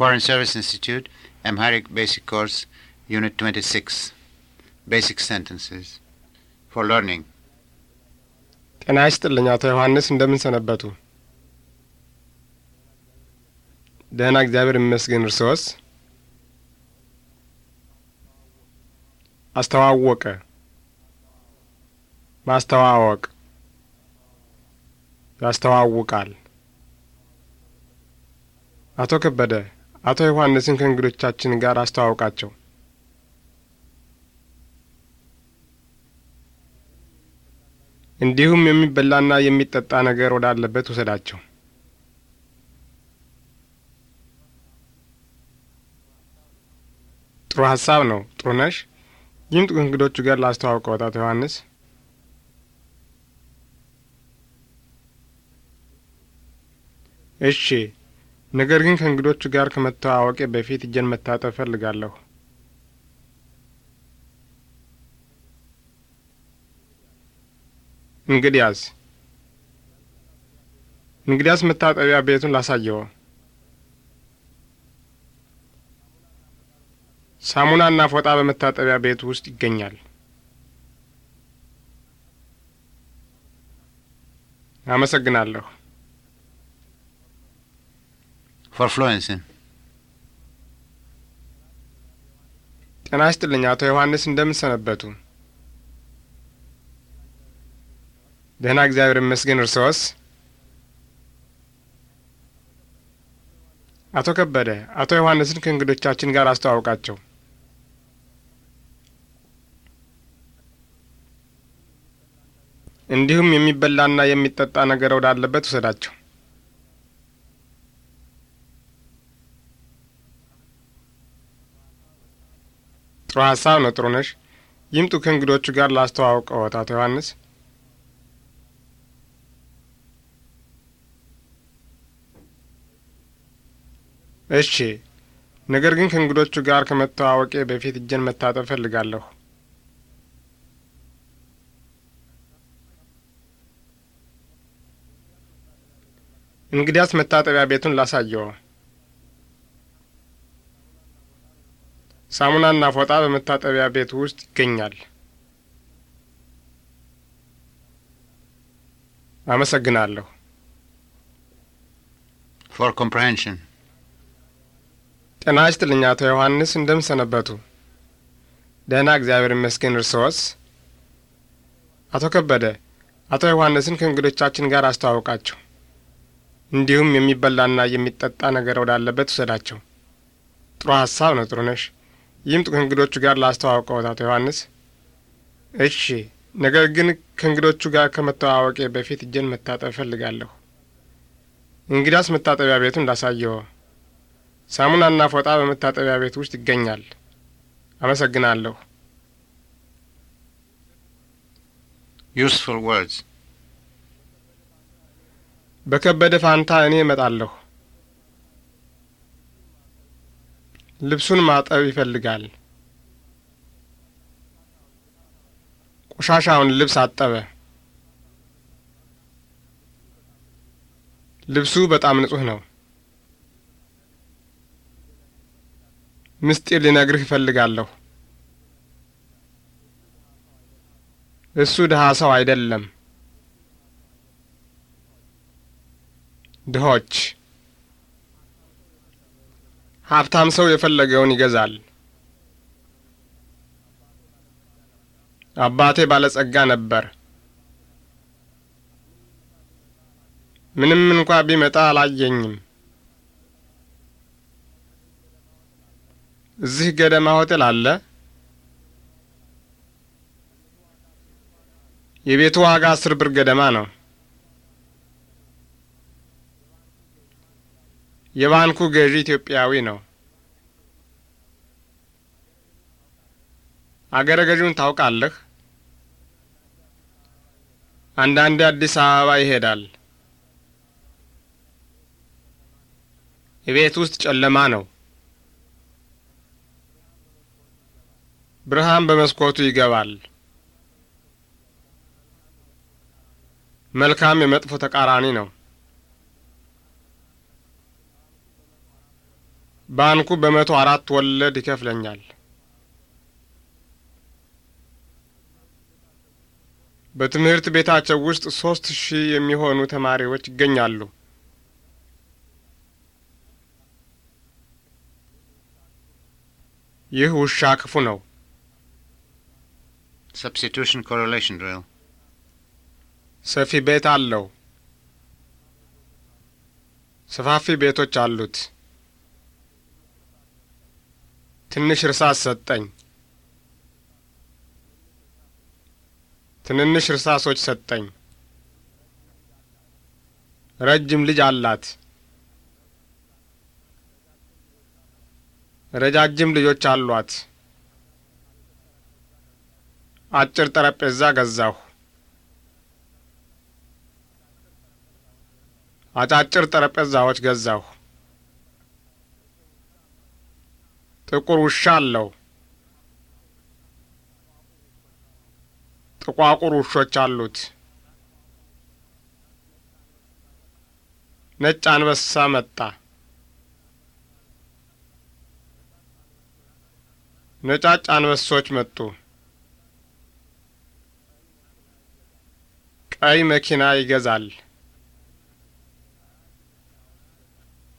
Foreign Service Institute, Amharic Basic Course, Unit 26, Basic Sentences for Learning. ጤና ይስጥልኝ አቶ ዮሐንስ፣ እንደምን ሰነበቱ? ደህና፣ እግዚአብሔር ይመስገን። እርስዎስ? አስተዋወቀ፣ ማስተዋወቅ፣ ያስተዋውቃል። አቶ ከበደ አቶ ዮሐንስን ከእንግዶቻችን ጋር አስተዋውቃቸው። እንዲሁም የሚበላና የሚጠጣ ነገር ወዳለበት ውሰዳቸው። ጥሩ ሀሳብ ነው። ጥሩ ነሽ። ይምጡ ከእንግዶቹ ጋር ላስተዋውቀው። አቶ ዮሐንስ። እሺ ነገር ግን ከእንግዶች ጋር ከመተዋወቄ በፊት እጄን መታጠብ ፈልጋለሁ። እንግዲያስ እንግዲያስ መታጠቢያ ቤቱን ላሳየው። ሳሙናና ፎጣ በመታጠቢያ ቤቱ ውስጥ ይገኛል። አመሰግናለሁ። ፎር ፍሎንሲ ጤና ይስጥልኝ አቶ ዮሐንስ፣ እንደምን ሰነበቱ? ደህና፣ እግዚአብሔር ይመስገን። እርስዎስ? አቶ ከበደ፣ አቶ ዮሐንስን ከእንግዶቻችን ጋር አስተዋውቃቸው። እንዲሁም የሚበላና የሚጠጣ ነገር ወዳለበት ውሰዳቸው። ጥሩ ሀሳብ ነው። ጥሩ ነሽ። ይምጡ ከእንግዶቹ ጋር ላስተዋውቀዎት አቶ ዮሐንስ። እሺ፣ ነገር ግን ከእንግዶቹ ጋር ከመተዋወቄ በፊት እጄን መታጠብ ፈልጋለሁ እንግዲያስ መታጠቢያ ቤቱን ላሳየው። ሳሙናና ፎጣ በመታጠቢያ ቤት ውስጥ ይገኛል። አመሰግናለሁ። ፎር ኮምፕሬንሽን ጤና ይስጥልኝ አቶ ዮሐንስ፣ እንደምሰነበቱ? ደህና እግዚአብሔር ይመስገን። እርስዎስ? አቶ ከበደ አቶ ዮሐንስን ከእንግዶቻችን ጋር አስተዋውቃቸው፣ እንዲሁም የሚበላና የሚጠጣ ነገር ወዳለበት ውሰዳቸው። ጥሩ ሀሳብ ነው። ጥሩ ነሽ። ይምጡ ከእንግዶቹ ጋር ላስተዋውቀዎት አቶ ዮሐንስ። እሺ፣ ነገር ግን ከእንግዶቹ ጋር ከመተዋወቄ በፊት እጄን መታጠብ እፈልጋለሁ። እንግዳስ መታጠቢያ ቤቱን እንዳሳየው ሳሙናና ፎጣ በመታጠቢያ ቤት ውስጥ ይገኛል። አመሰግናለሁ። ዩስፉል ወርድስ። በከበደ ፋንታ እኔ እመጣለሁ። ልብሱን ማጠብ ይፈልጋል። ቆሻሻውን ልብስ አጠበ። ልብሱ በጣም ንጹህ ነው። ምስጢር ሊነግርህ እፈልጋለሁ። እሱ ድሃ ሰው አይደለም። ድሆች ሀብታም ሰው የፈለገውን ይገዛል። አባቴ ባለጸጋ ነበር። ምንም እንኳ ቢመጣ አላየኝም። እዚህ ገደማ ሆቴል አለ? የቤቱ ዋጋ አስር ብር ገደማ ነው። የባንኩ ገዢ ኢትዮጵያዊ ነው። አገረ ገዢውን ታውቃለህ? አንዳንዴ አዲስ አበባ ይሄዳል። የቤት ውስጥ ጨለማ ነው። ብርሃን በመስኮቱ ይገባል። መልካም የመጥፎ ተቃራኒ ነው። ባንኩ በመቶ አራት ወለድ ይከፍለኛል። በትምህርት ቤታቸው ውስጥ ሶስት ሺህ የሚሆኑ ተማሪዎች ይገኛሉ። ይህ ውሻ ክፉ ነው። ሰፊ ቤት አለው። ሰፋፊ ቤቶች አሉት። ትንሽ እርሳስ ሰጠኝ። ትንንሽ እርሳሶች ሰጠኝ። ረጅም ልጅ አላት። ረጃጅም ልጆች አሏት። አጭር ጠረጴዛ ገዛሁ። አጫጭር ጠረጴዛዎች ገዛሁ። ጥቁር ውሻ አለው። ጥቋቁር ውሾች አሉት። ነጭ አንበሳ መጣ። ነጫጭ አንበሶች መጡ። ቀይ መኪና ይገዛል።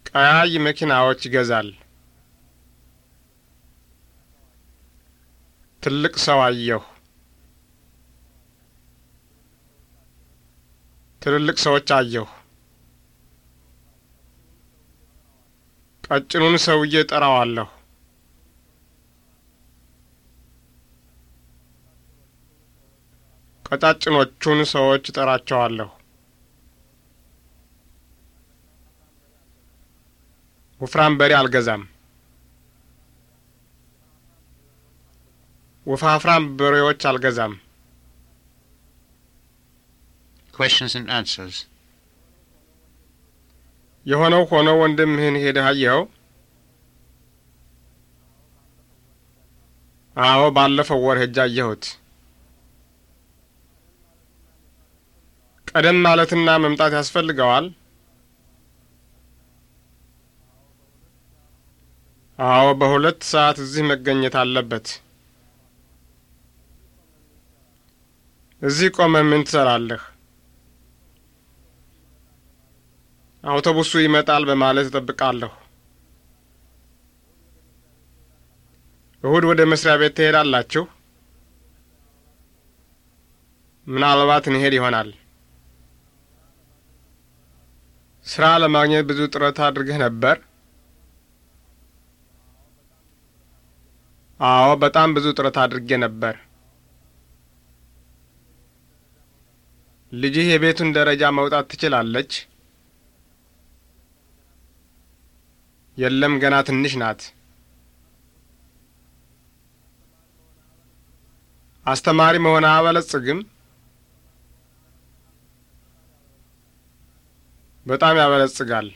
ቀያይ መኪናዎች ይገዛል። ትልቅ ሰው አየሁ። ትልልቅ ሰዎች አየሁ። ቀጭኑን ሰውዬ ጠራዋለሁ። ቀጫጭኖቹን ሰዎች እጠራቸዋለሁ። ወፍራም በሬ አልገዛም። ወፋፍራም በሬዎች አልገዛም። questions and answers የሆነው ሆኖ ወንድምህን ሄደህ አየኸው? አዎ፣ ባለፈው ወር ሄጄ አየሁት። ቀደም ማለትና መምጣት ያስፈልገዋል? አዎ፣ በሁለት ሰዓት እዚህ መገኘት አለበት። እዚህ ቆመ ምን ትሰራለህ? አውቶቡሱ ይመጣል በማለት እጠብቃለሁ። እሁድ ወደ መስሪያ ቤት ትሄዳላችሁ? ምናልባት እንሄድ ይሆናል። ስራ ለማግኘት ብዙ ጥረት አድርገህ ነበር? አዎ፣ በጣም ብዙ ጥረት አድርጌ ነበር። ልጅህ የቤቱን ደረጃ መውጣት ትችላለች? የለም፣ ገና ትንሽ ናት። አስተማሪ መሆን አያበለጽግም? በጣም ያበለጽጋል።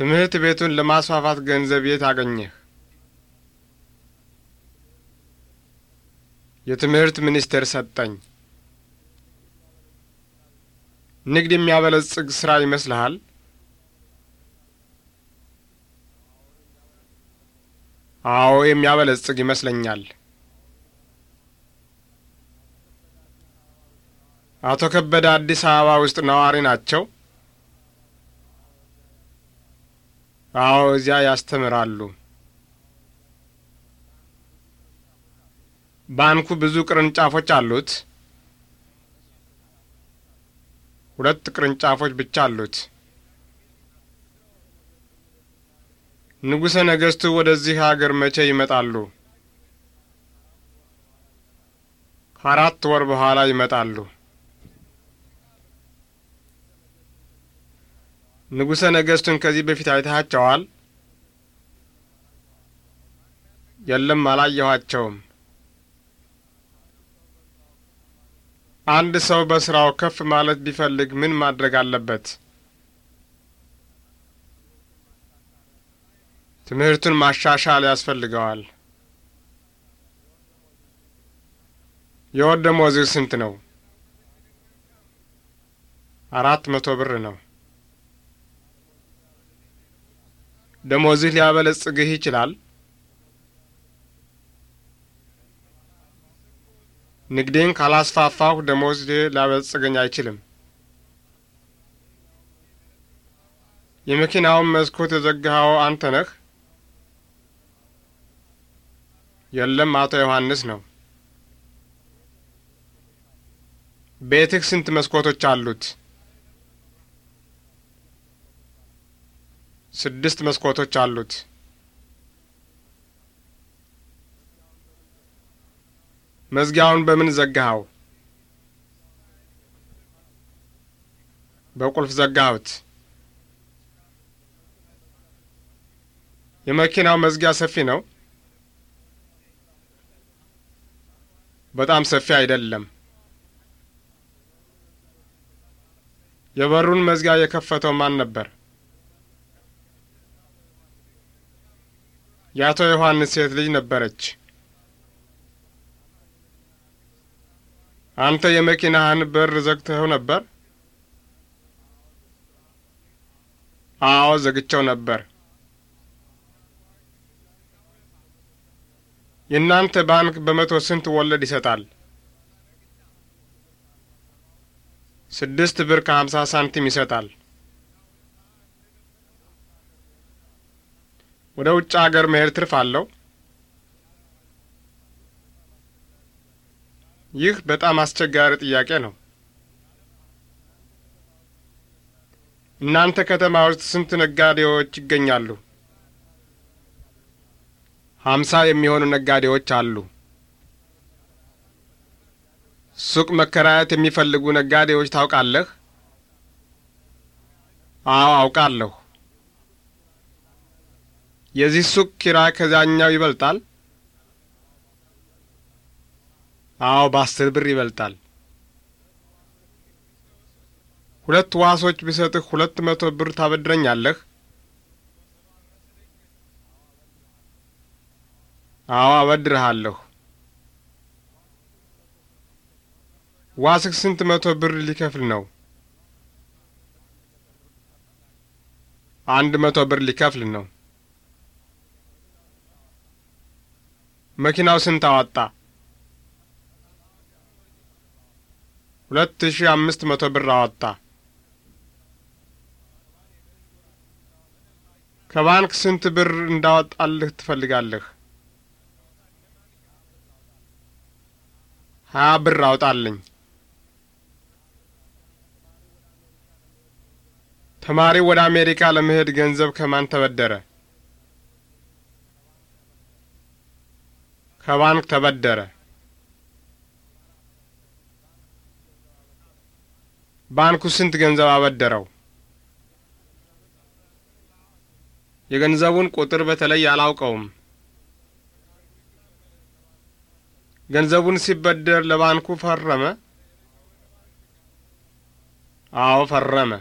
ትምህርት ቤቱን ለማስፋፋት ገንዘብ የት አገኘህ? የትምህርት ሚኒስቴር ሰጠኝ። ንግድ የሚያበለጽግ ስራ ይመስልሃል? አዎ የሚያበለጽግ ይመስለኛል። አቶ ከበደ አዲስ አበባ ውስጥ ነዋሪ ናቸው? አዎ እዚያ ያስተምራሉ። ባንኩ ብዙ ቅርንጫፎች አሉት? ሁለት ቅርንጫፎች ብቻ አሉት። ንጉሠ ነገሥቱ ወደዚህ አገር መቼ ይመጣሉ? ከአራት ወር በኋላ ይመጣሉ። ንጉሠ ነገሥቱን ከዚህ በፊት አይተሃቸዋል? የለም፣ አላየኋቸውም። አንድ ሰው በስራው ከፍ ማለት ቢፈልግ ምን ማድረግ አለበት? ትምህርቱን ማሻሻል ያስፈልገዋል። የወር ደመወዝህ ስንት ነው? አራት መቶ ብር ነው። ደመወዝህ ሊያበለጽግህ ይችላል። ንግዴን ካላስፋፋሁ ደሞዝ ሊያበጽገኝ አይችልም። የመኪናውን መስኮት የዘግኸው አንተ ነህ? የለም፣ አቶ ዮሐንስ ነው። ቤትህ ስንት መስኮቶች አሉት? ስድስት መስኮቶች አሉት። መዝጊያውን በምን ዘጋኸው? በቁልፍ ዘጋሁት። የመኪናው መዝጊያ ሰፊ ነው? በጣም ሰፊ አይደለም። የበሩን መዝጊያ የከፈተው ማን ነበር? የአቶ ዮሐንስ ሴት ልጅ ነበረች። አንተ የመኪናህን በር ዘግተኸው ነበር? አዎ ዘግቸው ነበር። የእናንተ ባንክ በመቶ ስንት ወለድ ይሰጣል? ስድስት ብር ከሀምሳ ሳንቲም ይሰጣል። ወደ ውጭ አገር መሄድ ትርፍ አለው? ይህ በጣም አስቸጋሪ ጥያቄ ነው። እናንተ ከተማ ውስጥ ስንት ነጋዴዎች ይገኛሉ? ሀምሳ የሚሆኑ ነጋዴዎች አሉ። ሱቅ መከራየት የሚፈልጉ ነጋዴዎች ታውቃለህ? አዎ አውቃለሁ። የዚህ ሱቅ ኪራይ ከዛኛው ይበልጣል? አዎ በአስር ብር ይበልጣል። ሁለት ዋሶች ብሰጥህ ሁለት መቶ ብር ታበድረኛለህ? አዎ አበድርሃለሁ። ዋስህ ስንት መቶ ብር ሊከፍል ነው? አንድ መቶ ብር ሊከፍል ነው። መኪናው ስንት አወጣ? ሁለት ሺ አምስት መቶ ብር አወጣ። ከባንክ ስንት ብር እንዳወጣልህ ትፈልጋለህ? ሀያ ብር አውጣልኝ። ተማሪ ወደ አሜሪካ ለመሄድ ገንዘብ ከማን ተበደረ? ከባንክ ተበደረ። ባንኩ ስንት ገንዘብ አበደረው? የገንዘቡን ቁጥር በተለይ አላውቀውም። ገንዘቡን ሲበደር ለባንኩ ፈረመ? አዎ ፈረመ።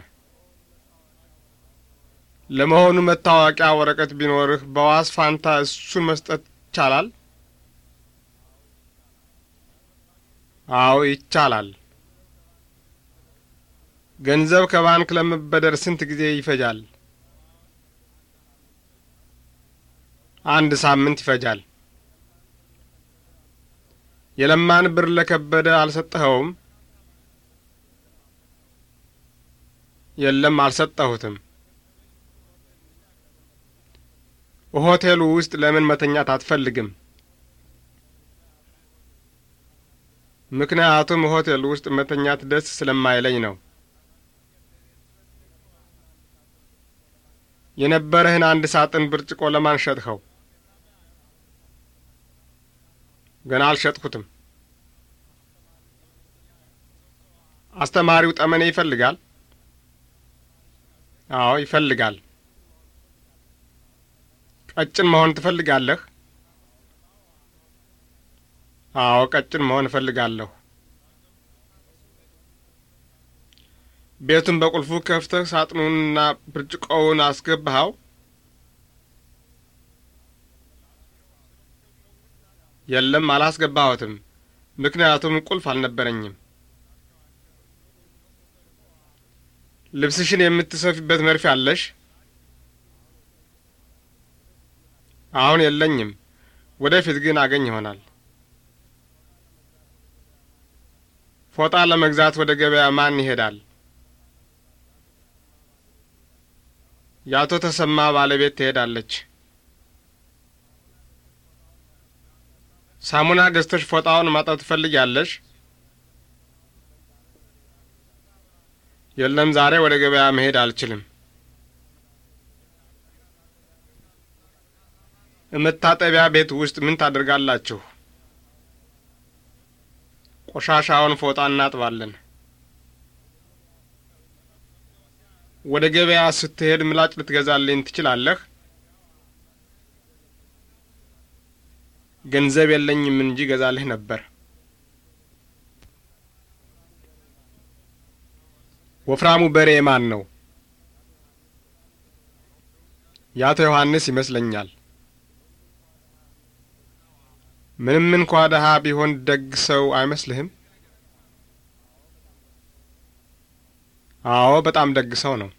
ለመሆኑ መታወቂያ ወረቀት ቢኖርህ በዋስ ፋንታ እሱን መስጠት ይቻላል? አዎ ይቻላል። ገንዘብ ከባንክ ለመበደር ስንት ጊዜ ይፈጃል? አንድ ሳምንት ይፈጃል። የለማን ብር ለከበደ አልሰጠኸውም? የለም፣ አልሰጠሁትም። ሆቴሉ ውስጥ ለምን መተኛት አትፈልግም? ምክንያቱም ሆቴሉ ውስጥ መተኛት ደስ ስለማይለኝ ነው። የነበረህን አንድ ሳጥን ብርጭቆ ለማን ሸጥኸው? ገና አልሸጥሁትም አስተማሪው ጠመኔ ይፈልጋል? አዎ ይፈልጋል። ቀጭን መሆን ትፈልጋለህ? አዎ ቀጭን መሆን እፈልጋለሁ። ቤቱን በቁልፉ ከፍተህ ሳጥኑንና ብርጭቆውን አስገብኸው? የለም፣ አላስገባሁትም። ምክንያቱም ቁልፍ አልነበረኝም። ልብስሽን የምትሰፊበት መርፌ አለሽ? አሁን የለኝም። ወደፊት ግን አገኝ ይሆናል። ፎጣ ለመግዛት ወደ ገበያ ማን ይሄዳል? የአቶ ተሰማ ባለቤት ትሄዳለች። ሳሙና ገዝተሽ ፎጣውን ማጠብ ትፈልጊያለሽ? የለም፣ ዛሬ ወደ ገበያ መሄድ አልችልም። የመታጠቢያ ቤት ውስጥ ምን ታደርጋላችሁ? ቆሻሻውን ፎጣ እናጥባለን። ወደ ገበያ ስትሄድ ምላጭ ልትገዛልኝ ትችላለህ? ገንዘብ የለኝም እንጂ ገዛልህ ነበር። ወፍራሙ በሬ ማን ነው? የአቶ ዮሐንስ ይመስለኛል። ምንም እንኳ ደሃ ቢሆን ደግ ሰው አይመስልህም? አዎ፣ በጣም ደግ ሰው ነው።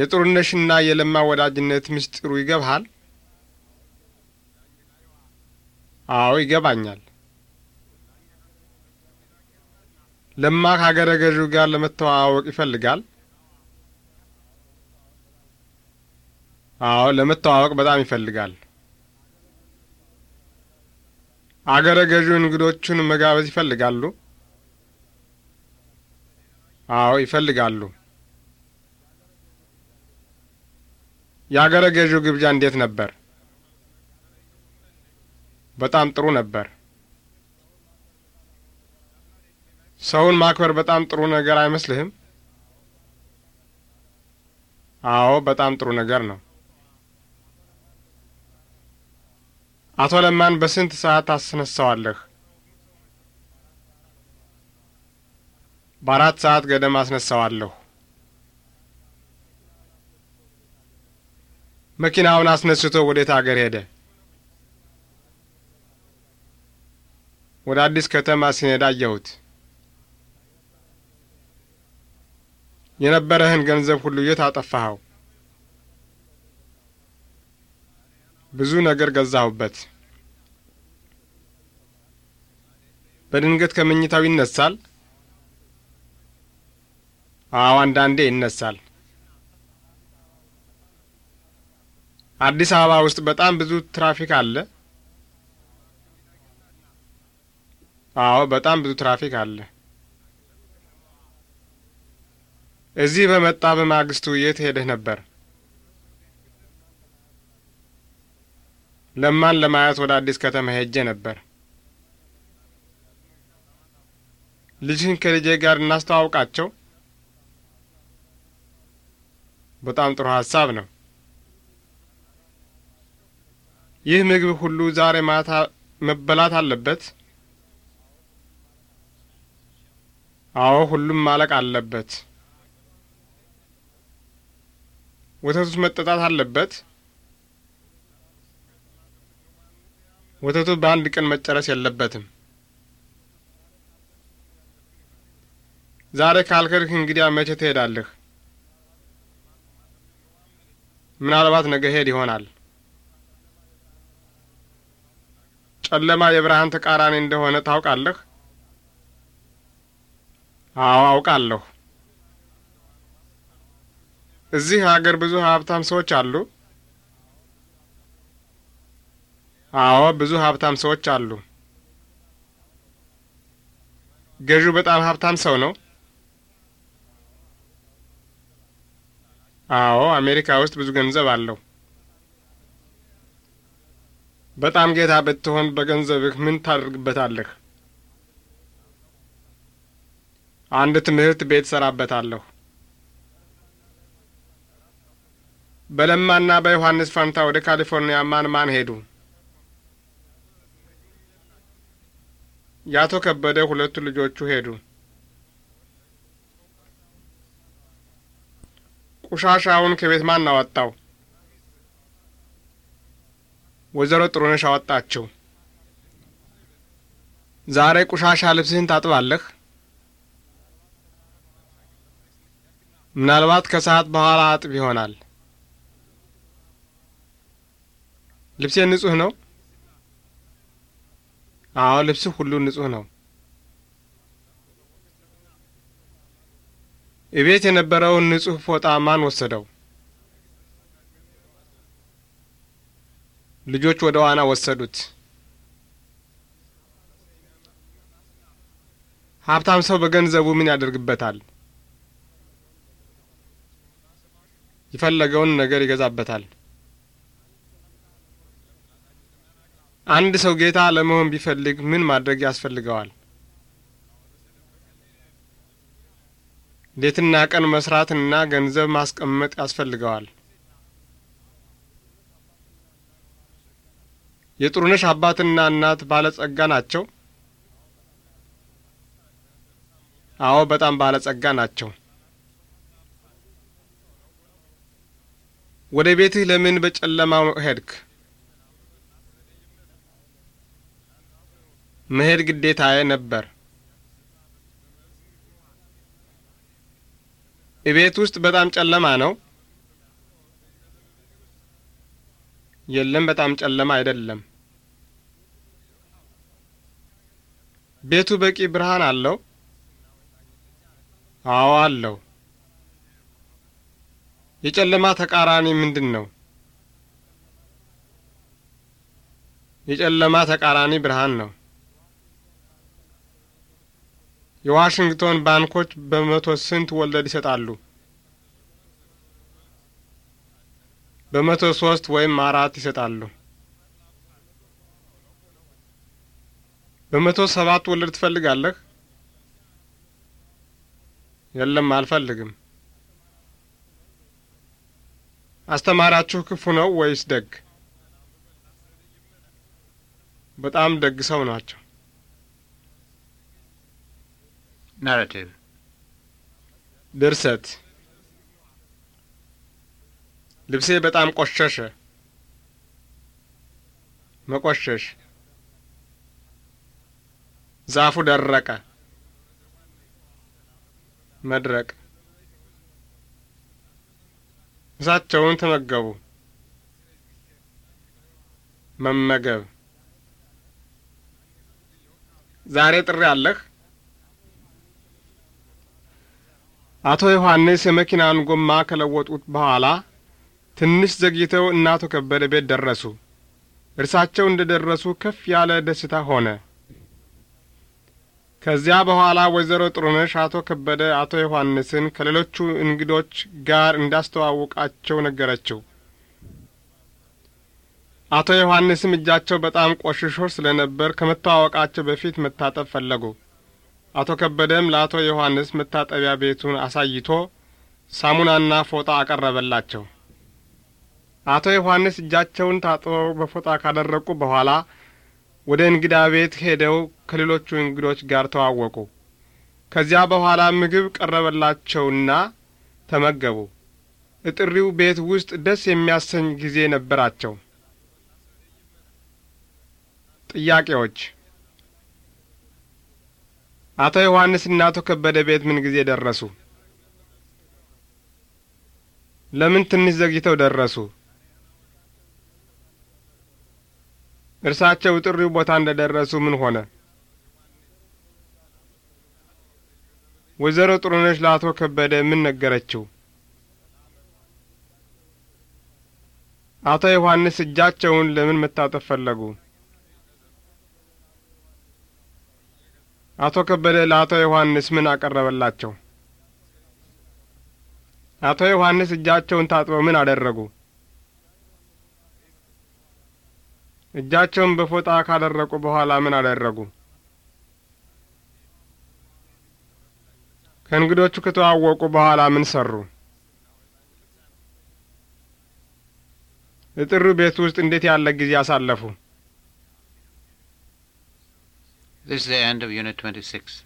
የጥሩነሽና የለማ ወዳጅነት ምስጢሩ ይገባሃል? አዎ ይገባኛል። ለማ ከአገረ ገዢው ጋር ለመተዋወቅ ይፈልጋል? አዎ ለመተዋወቅ በጣም ይፈልጋል። አገረ ገዢው እንግዶቹን መጋበዝ ይፈልጋሉ? አዎ ይፈልጋሉ። የአገረ ገዢው ግብዣ እንዴት ነበር? በጣም ጥሩ ነበር። ሰውን ማክበር በጣም ጥሩ ነገር አይመስልህም? አዎ፣ በጣም ጥሩ ነገር ነው። አቶ ለማን በስንት ሰዓት አስነሳዋለህ? በአራት ሰዓት ገደማ አስነሳዋለሁ። መኪናውን አስነስቶ ወዴት አገር ሄደ? ወደ አዲስ ከተማ ሲሄድ አየሁት። የነበረህን ገንዘብ ሁሉ የት አጠፋኸው? ብዙ ነገር ገዛሁበት። በድንገት ከመኝታው ይነሳል? አዎ፣ አንዳንዴ ይነሳል። አዲስ አበባ ውስጥ በጣም ብዙ ትራፊክ አለ? አዎ፣ በጣም ብዙ ትራፊክ አለ። እዚህ በመጣ በማግስቱ የት ሄደህ ነበር? ለማን ለማየት ወደ አዲስ ከተማ ሄጄ ነበር። ልጅህን ከልጄ ጋር እናስተዋውቃቸው። በጣም ጥሩ ሀሳብ ነው። ይህ ምግብ ሁሉ ዛሬ ማታ መበላት አለበት? አዎ፣ ሁሉም ማለቅ አለበት። ወተቱስ መጠጣት አለበት? ወተቱ በአንድ ቀን መጨረስ የለበትም። ዛሬ ካልከድህ እንግዲያ መቼ ትሄዳለህ? ምናልባት ነገ ሄድ ይሆናል። ጨለማ የብርሃን ተቃራኒ እንደሆነ ታውቃለህ? አዎ አውቃለሁ። እዚህ ሀገር ብዙ ሀብታም ሰዎች አሉ? አዎ ብዙ ሀብታም ሰዎች አሉ። ገዢው በጣም ሀብታም ሰው ነው? አዎ አሜሪካ ውስጥ ብዙ ገንዘብ አለው። በጣም ጌታ ብትሆን በገንዘብህ ምን ታደርግበታለህ? አንድ ትምህርት ቤት ሰራበታለሁ። በለማና በዮሐንስ ፋንታ ወደ ካሊፎርኒያ ማን ማን ሄዱ? ያቶ ከበደ ሁለቱ ልጆቹ ሄዱ። ቆሻሻውን ከቤት ማን አወጣው? ወይዘሮ ጥሩነሽ አወጣቸው። ዛሬ ቆሻሻ ልብስህን ታጥባለህ? ምናልባት ከሰዓት በኋላ አጥብ ይሆናል። ልብሴ ንጹህ ነው? አዎ፣ ልብስህ ሁሉ ንጹህ ነው። እቤት የነበረውን ንጹህ ፎጣ ማን ወሰደው? ልጆች ወደ ዋና ወሰዱት። ሀብታም ሰው በገንዘቡ ምን ያደርግበታል? የፈለገውን ነገር ይገዛበታል። አንድ ሰው ጌታ ለመሆን ቢፈልግ ምን ማድረግ ያስፈልገዋል? ሌትና ቀን መስራትና ገንዘብ ማስቀመጥ ያስፈልገዋል። የጥሩነሽ አባትና እናት ባለጸጋ ናቸው? አዎ፣ በጣም ባለጸጋ ናቸው። ወደ ቤትህ ለምን በጨለማ ሄድክ? መሄድ ግዴታዬ ነበር። እቤት ውስጥ በጣም ጨለማ ነው። የለም፣ በጣም ጨለማ አይደለም። ቤቱ በቂ ብርሃን አለው? አዎ አለው። የጨለማ ተቃራኒ ምንድን ነው? የጨለማ ተቃራኒ ብርሃን ነው። የዋሽንግተን ባንኮች በመቶ ስንት ወለድ ይሰጣሉ? በመቶ ሶስት ወይም አራት ይሰጣሉ። በመቶ ሰባት ወለድ ትፈልጋለህ? የለም አልፈልግም። አስተማሪያችሁ ክፉ ነው ወይስ ደግ? በጣም ደግ ሰው ናቸው። ናሬቲቭ ድርሰት ልብሴ በጣም ቆሸሸ። መቆሸሽ ዛፉ ደረቀ። መድረቅ እሳቸውን ተመገቡ። መመገብ ዛሬ ጥሪ አለህ? አቶ ዮሐንስ የመኪናን ጎማ ከለወጡት በኋላ ትንሽ ዘግይተው እነ አቶ ከበደ ቤት ደረሱ። እርሳቸው እንደ ደረሱ ከፍ ያለ ደስታ ሆነ። ከዚያ በኋላ ወይዘሮ ጥሩነሽ አቶ ከበደ አቶ ዮሐንስን ከሌሎቹ እንግዶች ጋር እንዳስተዋውቃቸው ነገረችው። አቶ ዮሐንስም እጃቸው በጣም ቆሽሾ ስለ ነበር ከመተዋወቃቸው በፊት መታጠብ ፈለጉ። አቶ ከበደም ለአቶ ዮሐንስ መታጠቢያ ቤቱን አሳይቶ ሳሙናና ፎጣ አቀረበላቸው። አቶ ዮሐንስ እጃቸውን ታጥበው በፎጣ ካደረቁ በኋላ ወደ እንግዳ ቤት ሄደው ከሌሎቹ እንግዶች ጋር ተዋወቁ። ከዚያ በኋላ ምግብ ቀረበላቸውና ተመገቡ። እጥሪው ቤት ውስጥ ደስ የሚያሰኝ ጊዜ ነበራቸው። ጥያቄዎች አቶ ዮሐንስ አቶ ከበደ ቤት ምን ጊዜ ደረሱ? ለምን ትንሽ ዘግይተው ደረሱ? እርሳቸው ጥሪው ቦታ እንደ ደረሱ ምን ሆነ? ወይዘሮ ጥሩነሽ ለአቶ ከበደ ምን ነገረችው? አቶ ዮሐንስ እጃቸውን ለምን መታጠፍ ፈለጉ? አቶ ከበደ ለአቶ ዮሐንስ ምን አቀረበላቸው? አቶ ዮሐንስ እጃቸውን ታጥበው ምን አደረጉ? እጃቸውን በፎጣ ካደረቁ በኋላ ምን አደረጉ? ከእንግዶቹ ከተዋወቁ በኋላ ምን ሰሩ? እጥሩ ቤት ውስጥ እንዴት ያለ ጊዜ አሳለፉ? This is the end of Unit 26.